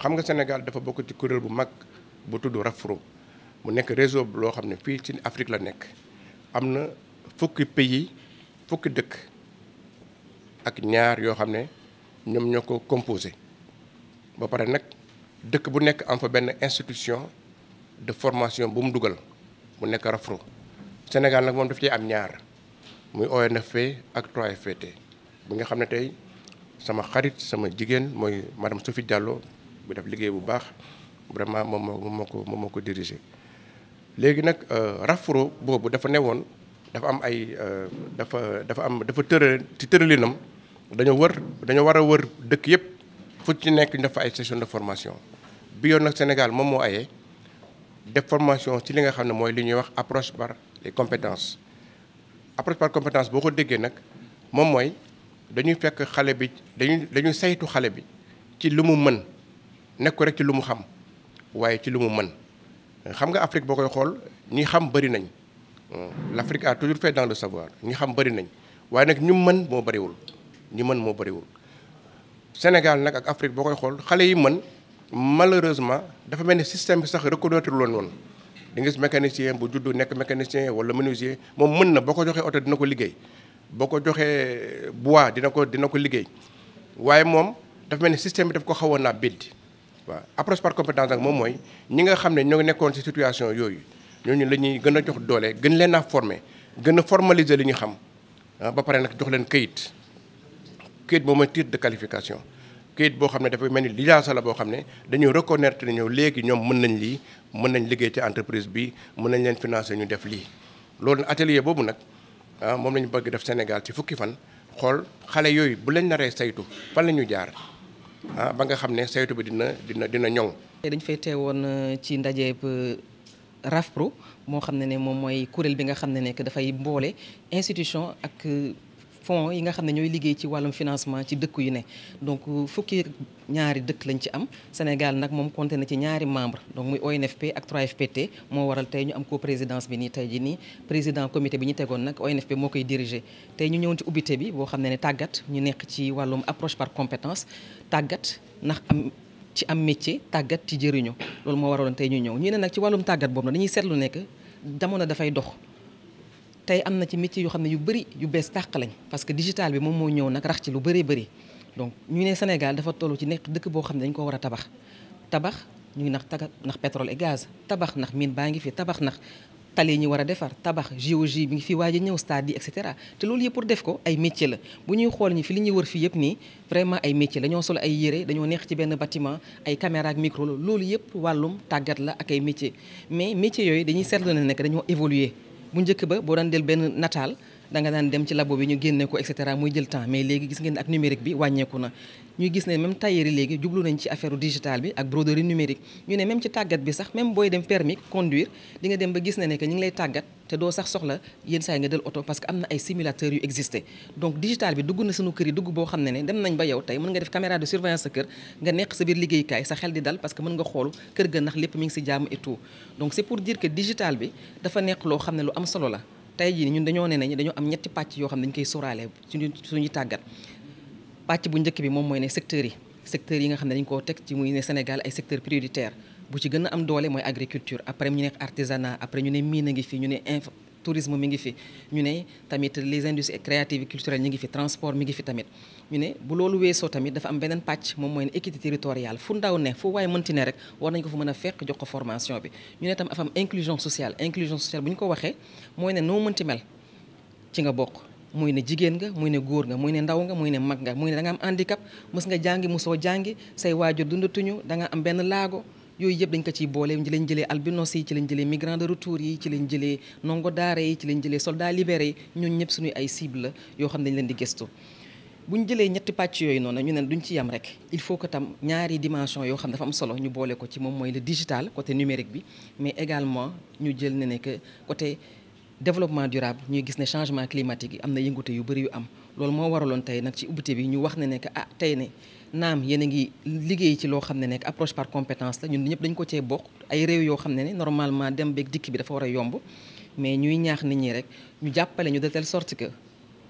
xam nga Sénégal dafa bokkati ci kuréel bu mag bu tudd RAFPRO bu nekk réseau loo xam ne fii ci Afrique la nekk am na fukki pays fukki dëkk ak ñaar yoo xam ne ñoom ñoo ko composé ba pare nag dëkk bu nekk am fa benn institution de formation bu mu dugal mu nekk RAFPRO Sénégal nag moom daf ci am ñaar. muy ONFP ak 3FPT bu nga xam ne tey sama xarit sama jigéen mooy madame Sophie Diallo bu def liggéey bu baax vraiment moom moo moo ko moom moo ko dirigé. léegi nag euh, RAFPRO boobu dafa ne woon dafa am ay euh, dafa dafa am dafa tëral ci tëralinam dañoo wër dañoo war a wër dëkk yëpp fu ci nekk ñu dafa ay session de formation bi yoon nag Sénégal moom moo aye def formation ci li nga xam ne mooy li ñuy wax approche par les compétences. approche par compétence boo ko déggee nag moom mooy dañuy fekk xale bi dañuy dañuy saytu xale bi ci lu mu mën nekk rek ci lu mu xam waaye ci lu mu mën xam nga Afrique boo koy xool ñi xam bari nañ l'Afrique a toujours fait dans le savoir ñi xam bari nañ waaye nag ñu mën moo bariwul ñu mën moo bëriwul Sénégal nag ak Afrique boo koy xool xale yi mën malheureusement dafa mel ni système bi sax reconnaître loon woon di nga mécanisien bu juddu nekk mécanicien wala menuisier moom mën na boo ko joxee oto dina ko liggéey boo ko joxee bois dina ko dina ko liggéey waaye moom dafa mel ni système bi daf ko xawoon naa biddi waaw approche par compétence nag moom mooy ñi nga xam ne ñoo ngi nekkoon ci situation yooyu ñooñu la ñuy gën a jox doole gën leen a former gën a formaliser li ñu xam ah, ba pare nag jox leen kayit kayit moom mooy titre de qualification kayit boo xam ne dafay mel ni licence la boo xam ne dañuy reconnaître ne ñëw léegi ñoom mën nañ lii mën nañ liggéey ci entreprise bi mën nañ leen financer ñu def lii. loolu atelier boobu nag ah, moom la ñu bëgg def Sénégal ci fukki fan xool xale yooyu bu lañ naree saytu fan la ñu jaar ah ba nga xam ne saytu bi dina dina dina ñoŋ. dañ fay teewoon euh, ci ndaje euh, RAFPRO moo xam ne ne moom mooy kuréel bi nga xam ne nekk dafay mboole institution ak. Euh, fon yi nga xam ne ñooy liggéey ci wàllum financement ci dëkk yu ne donc fukki ñaari dëkk lañ ci am Sénégal nag moom compté na ci ñaari membre donc muy ONFP ak 3FPT moo waral tey ñu am co bi nii tey ji nii président comité bi ñu tegoon nag ONFP moo koy diriger tey ñu ñëwoon ci ubbite bi boo xam ne ne tàggat ñu nekk ci wàllum approche par compétence tàggat ndax am ci am métier tàggat ci jëriñu loolu moo waraloon tey ñu ñëw ñu ne nag ci wàllum tàggat boobu nag dañuy seetlu nekk jamono dafay dox tey am na ci métier yoo xam ne yu bëri yu bees tàq lañ parce que digital bi moom moo ñëw nag rax ci lu bëree bëri donc ñu ne Sénégal dafa toll ci nekk dëkk boo xam ne dañ ko war a tabax tabax ñu ngi nax taggat ndax pétrole et gaz tabax ndax mine baa ngi fi tabax ndax tali ñu war a defar tabax géologie bi ngi fi waaj a ñëw stade yi cetera te loolu yëpp def ko ay métier la bu ñuy xool ñi fi li ñuy war fii yëpp nii vraiment ay métier la ñoo solo ay yére dañoo neex ci benn bâtiment ay caméra ak loolu yëpp wàllum tàggat la ak ay métier mais métier yooyu dañuy seetlu ne nekk dañoo évoluer bu njëkk ba boo daan del benn nataal da nga daan dem ci labo bi ñu génne ko et cetera muy jël temps mais léegi gis ngeen ak numérique bi wàññeeku na ñu gis ne même tailleur yi léegi jublu nañ ci affaire digital bi ak broderie numérique ñu ne même ci tàggat bi sax même booy dem permis conduire di nga dem ba gis na ne que ñu ngi lay tàggat te doo sax soxla yenn nga del oto parce que am na ay simulateurs yu existé donc digital bi dugg na sunu kër yi dugg boo xam ne ne dem nañ ba yow tey mën nga def caméra de surveillance sa kër nga nekk sa biir liggéeykaay sa xel di dal parce que mën nga xool kër ga ndax lépp mi ngi si jàm et tout donc c'est pour dire que bi dafa nekk loo xam ne lu am solo la tey jii ñun dañoo ne nañ dañoo am ñetti pàcc yoo xam ne dañ koy sóoraale suñu suñuy tàggat pàcc bu njëkk bi moom mooy ne secteurs yi secteurs yi nga xam ne dañ koo teg ci muy ne Sénégal ay secteur prioritaire bu ci gën a am doole mooy agriculture après ñu ne artisanat après ñu ne miin a ngi fii ñu ne inf tourisme mi ngi fi ñu ne tamit les industries créatives et culturelles ñu ngi fi transport mi ngi fi tamit ñu ne bu loolu weesoo tamit dafa am beneen pàcc moom mooy ne équité territoriale fu ndaw ne fu waaye mënti ne rek war nañ ko fa mën a fekk jox ko formation bi ñu ne tam dafa am inclusion sociale inclusion sociale bu ñu ko waxee mooy ne noo mënti mel ci nga bokk muy ne jigéen nga muy ne góor nga muy ne ndaw nga muy ne mag nga muy ne da nga am handicap nga jàngi mosoo jàngi say waajur dundatuñu da nga benn laago yooyu yëpp dañ ko ciy boole ci lañ jëlee albinos yi ci lañ jëlee migrants de retour yi ci lañ jëlee ndongo daara yi ci lañ jëlee soldats libérés yi ñooñu ñëpp suñuy ay cible la yoo xam dañ leen di gëstu bu ñu jëlee ñetti pàcc yooyu noonu ñu ne ci yam rek il faut que tam ñaari dimension yoo xam dafa am solo ñu boole ko ci moom mooy le digital côté numérique bi mais également ñu jël ne ne que côté développement durable ñuy gis ne changement climatique yi am na yëngute yu bëri yu am loolu moo waraloon tey nag ci ubbite bi ñu wax ne ne que ah tey ne naam yéen a ngi liggéey ci loo xam ne nekk approche par compétence la ñun ñëpp dañ ko cee bokk ay réew yoo xam ne ne normalement dem beeg dikk bi dafa war a yomb mais ñuy ñaax nit ñi rek ñu jàppale ñu de telle sorte que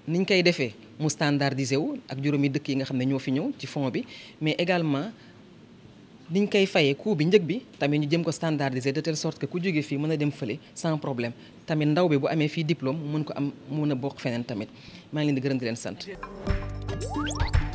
niñ koy defee mu standardisé wu ak juróom juróomi dëkk yi nga xam ne ñoo fi ñëw ci fond bi mais également niñ koy fayee coût bi njëg bi tamit ñu jëm ko standardisé de telle sorte que ku jóge fii mën a dem fële sans problème tamit ndaw bi bu amee fii diplôme mën ko am mën a bokk feneen tamit maa ngi di gërëm di leen sant